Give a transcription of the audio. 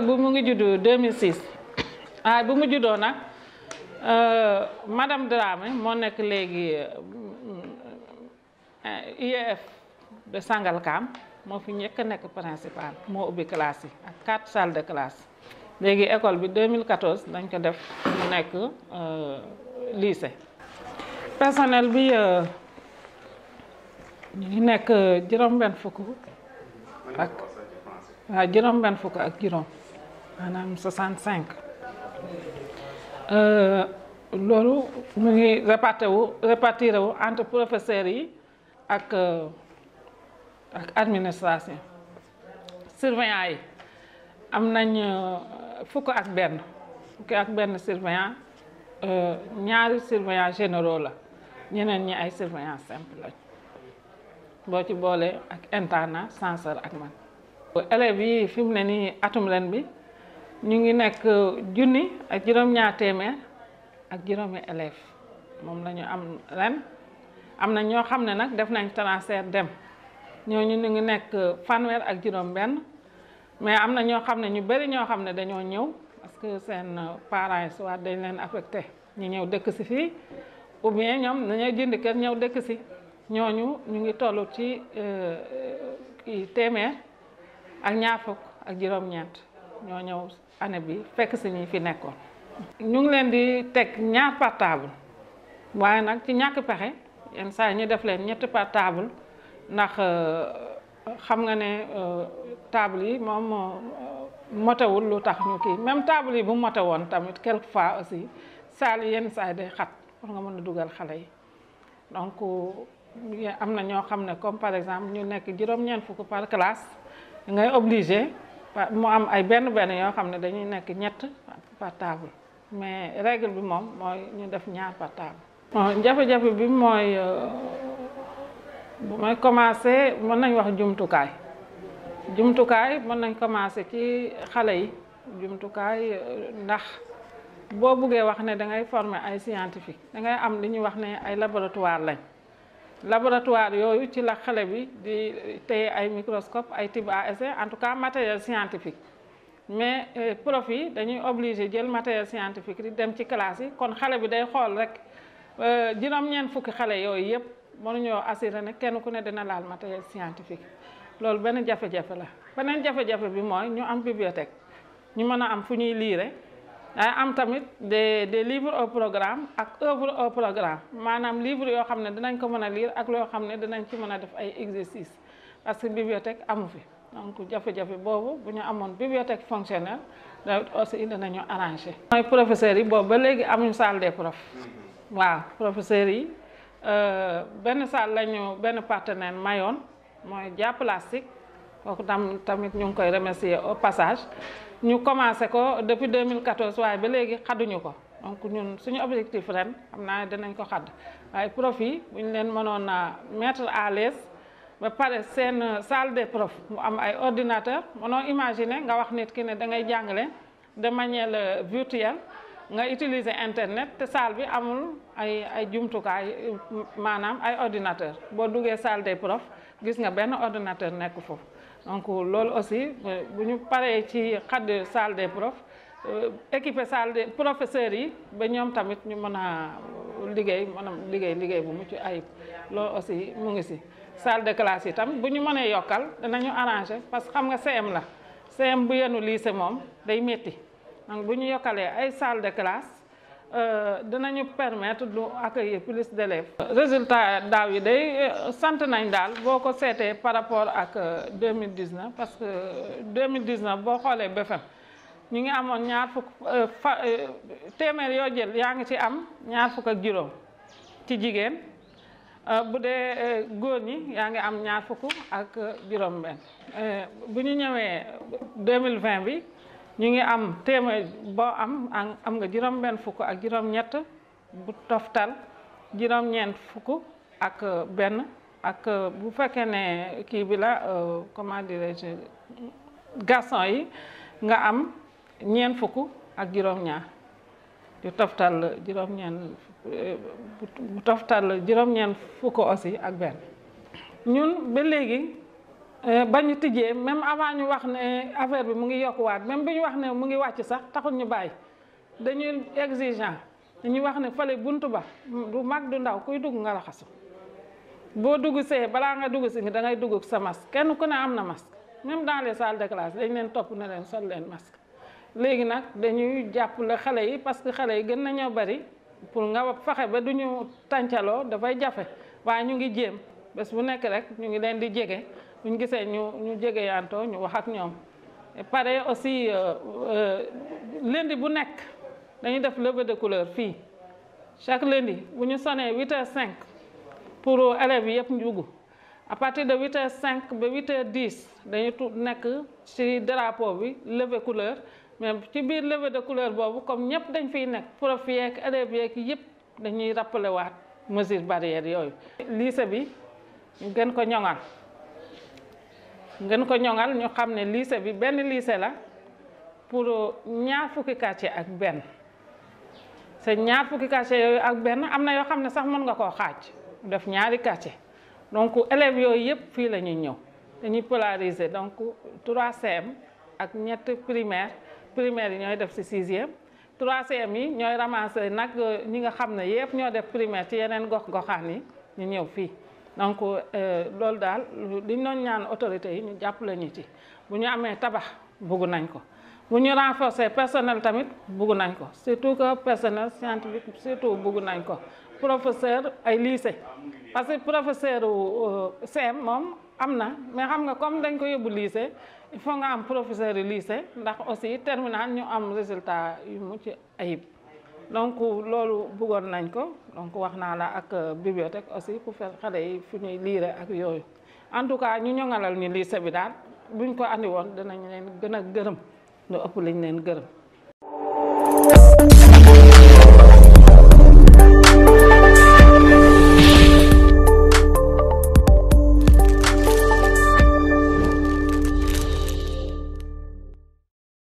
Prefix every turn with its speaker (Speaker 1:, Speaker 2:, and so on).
Speaker 1: école bu mu ngi juddu 2006 waaye ah, bu mu juddoo nag euh, madame Dramé moo nekk léegi euh, IEF de Sangalkam moo fi njëkk nekk principal moo ubbi classe yi ak quatre salles de classe léegi école bi 2014 dañ ko def mu nekk euh, lycée personnel bi ñu nekk juróom-benn fukk ak waaw juróom-benn fukk ak juróom maanaam 65 euh, loolu mu ngi répartir wu répartir wu entre professeurs yi ak euh, ak administration surveillant yi am nañ euh, fukk ak benn fukk ak benn surveillant ñaari surveillant généraux la ñeneen ñi ay surveillant simple lañ boo ci boolee ak internat censeur ak man élèves yi fi ne nii atum ren bi ñu ngi nekk junni ak juróom-ñaar téeméer ak juróomi élève moom la ñu am ren am na ñoo xam ne nag def nañ transfert dem ñooñu ñu ngi nekk fanweer ak juróom-benn mais am na ñoo xam ne ñu bëri ñoo xam ne dañoo ñëw parce que seen parents yi soit dañ leen affecté ñu ñëw dëkk si fii ou bien ñoom dañoo jënd kër ñëw dëkk si ñooñu ñu ngi toll ci euh, téeméer ak ñaar fukk ak juróom-ñeent. ñoo ñëw année bi fekk si ñi fi nekkoon. ñu ngi leen di teg ñaar partable table waaye nag ci ñàkk pexe yenn saa ñu def leen ñett par table ndax euh, xam nga ne euh, table yi moom euh, motewul lu tax mu kii même table yi bu mote woon tamit quelque fois aussi saal yenn saa yi day xat pour nga mën a dugal xale yi donc am na ñoo xam ne comme par exemple ñu nekk juróom-ñeent fukk par classe ngay obligé. mu am ay benn benn yoo xam ne dañuy nekk ñett par mais règle bi moom mooy ñu def ñaar par table. bon jafe-jafe bi mooy euh, bu may commencé mën nañ wax jumtukaay jumtukaay mën nañ commencé ci xale yi jumtukaay euh, ndax boo buggee wax ne da ngay former ay scientifique da ngay am li ñuy wax ne ay laboratoire lañ. laboratoire yooyu ci la xale bi di téye ay microscope ay tube à essai en tout cas matériel scientifique mais euh, prof dañuy obligé jël matériel scientifique di dem ci classe yi kon xale bi day xool rek euh, juróom-ñeent fukki xale yooyu yëpp mënuñoo assuré ne kenn ku ne dina laal matériel scientifique loolu benn jafe-jafe la beneen jafe-jafe bi mooy ñu am bibliothèque ñu mën a am fu ñuy liire day am tamit de des livres au programme ak œuvre au programme maanaam livre yoo xam ne dinañ ko mën a lire ak loo xam ne dinañ ci mën a def ay exercices parce que bibliothèque amu fi donc jafe-jafe boobu bu ñu amoon bibliothèque fonctionnelle dawit aussi dinañu arrangé. mooy professeurs yi boobu ba léegi amuñu salle des profs mm-hmm. waaw professeurs yi euh, benn salle lañu benn partenaire mayoon mooy Dia Plastique kooku tam tamit ñu ngi koy remercier au passage. ñu commencé ko depuis deux 2014 waaye ba léegi xadduñu ko donc ñun suñu objectif ren xam naa ne dinañ ko xadd waaye profs bu ñu leen mënoon a mettre à l'aise ba pare seen salle des profs mu am ay ordinateur mënoo imaginer nga wax nit ki ne da ngay jàngale de manière euh, virtuelle nga utiliser internet te salle bi amul ay ay jumtukaay maanaam ay ordinateur boo duggee salle des profs gis nga benn ordinateur nekk foofu donc loolu aussi euh, bu ñu paree ci xadd salle des profs euh, équipe salle des professeurs yi ba ñoom tamit ñu mën a liggéey maanaam liggéey liggéey bu mucc ayib loolu aussi mu ngi si salle de classe yi tam bu ñu mënee yokkal danañu arrangé parce que xam nga CM la CM bu yenu liise moom day métti donc ñu yokkalee ay salle de classe Euh, dinañu permettre du accueillir plus d'élèves résultat daaw yi day euh, sant nañ daal boo ko seetee par rapport ak euh, deux 2019 parce que deux 2019 boo xoolee BFEM ñu ngi amoon ñaar fukk fa téeméer yoo jël yaa ngi ci am ñaar fukk ak juróom ci jigéen bu dee góor ñi yaa ngi am ñaar fukk ak juróom benn bu ñu ñëwee 2020 bi ñu ngi am téeméer boo am am nga juróom-benn fukk ak juróom-ñett bu toftal juróom-ñeent fukk ak euh, benn ak euh, bu fekkee ne kii bi la euh, comment dirais-je garçon yi nga am ñeent fukk ak juróom-ñaar yu toftal juróom-ñeent fukk aussi ak benn ñun ba léegi Euh, ba ñu tijjee même avant ñu wax ne affaire bi mu ngi yokkuwaat même bi ñu wax ne mu ngi wàcc sax taxul ñu bàyyi dañuy exigeant dañuy wax ne fale bunt ba du mag du ndaw kuy dugg nga raxasu boo dugg see balaa nga dugg si da ngay dugg sa masque kenn ku ne am na masque même dans les salles de classe dañ leen topp ne leen sol leen masque léegi nag dañuy jàppale xale yi parce que xale yi gën nañoo bari pour nga fexe ba du ñu tàncaloo dafay jafe waaye ñu ngi jéem bés bu nekk rek ñu ngi leen di jege. ñu gisee ñu ñu jege jegeyantoo ñu wax ak ñoom pare aussi euh, euh, lundi bu nekk dañuy def levée de couleur fii chaque lundi bu ñu sonee huit cinq pour élèves yi yëpp njugu à partir de huit cinq ba huit heures dix dañu tu nekk ci drapeau bi leve couleur mais ci biir leve de couleur boobu comme ñëpp dañ fiy nekk prof yeeg élèves yeeg yëpp dañuy rappelé waat mesure barrière yooyu lycée bi ñu gën ko ñoŋal ngeen ko ñoŋal ñu xam ne liise bi benn lycée la pour ñaar fukki quartier ak benn sa ñaar fukki quartier yooyu ak benn am na yoo xam ne sax mën nga koo xaaj def ñaari quartier donc élèves yooyu yëpp fii la ñuy ñëw dañuy polariser donc 3 CM ak ñett primaire primaire yi ñooy def ci sixième 3 CM yi ñooy ramasser nag ñi nga xam ne yëpp ñoo def primaire ci yeneen gox goxaan yi ñu ñëw fii donc euh, loolu daal di doon ñaan autorités yi ñu jàpp lañu ci bu ñu amee tabax bugg nañ ko bu ñu force personnel tamit bugg nañ ko surtout que personnel scientifique surtout bugg nañ ko professeur ay lycée parce que professeur euh, CM moom am na mais xam nga comme dañ ko yóbbu liise il faut nga am professeur lycée ndax aussi terminal ñu am résultat yu mucc ayib donc loolu buggoon nañ ko donc wax naa la ak euh, bibliothèque aussi pour faire xale yi fu ñuy liire ak yooyu en tout cas ñu ñoŋalal ñu lycée bi daal buñ ko andi woon dinañ leen gën a gërëm lu ëpp lañ leen gërëm